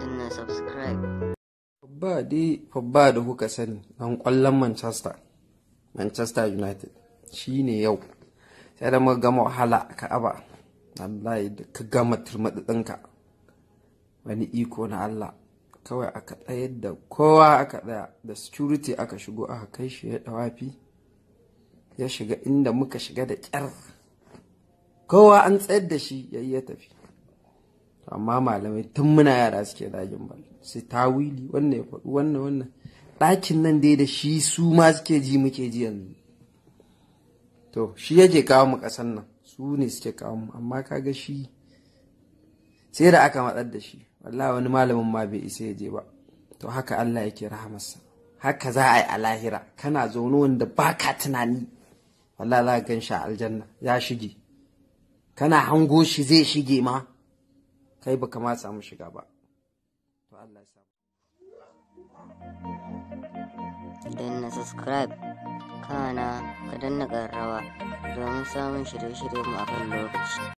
danna subscribe. Babba dai babba da kuka sani ɗan kwallon Manchester, Manchester United shi ne yau. Sai da muka gama wahala ka aba, Allah da ka gama ɗinka wani iko na Allah. Kawai aka ɗaya da kowa aka ɗaya da security aka shigo aka kai shi ya ɗawafi ya shiga inda muka shiga da ƙyar. Kowa an tsayar da shi ya yi ya tafi. amma malamai tun muna yara suke zagin bal su tawili wannan ya faɗu wannan wannan ɗakin nan dai da shi su ma suke ji muke ji yanzu to shi yake kawo mu ƙasan nan su ne suke kawo mu amma kaga shi sai da aka matsar da shi wallahi wani malamin ma bai isa ya je ba to haka Allah yake rahamarsa haka za a yi a lahira kana zaune wanda ba ka tunani wallahi za ka gan shi a aljanna ya shige kana hango shi zai shige ma kai ba kama samu shiga ba to Allah ya danna subscribe kana ka danna ƙararrawa don samun shirye mu akan lokaci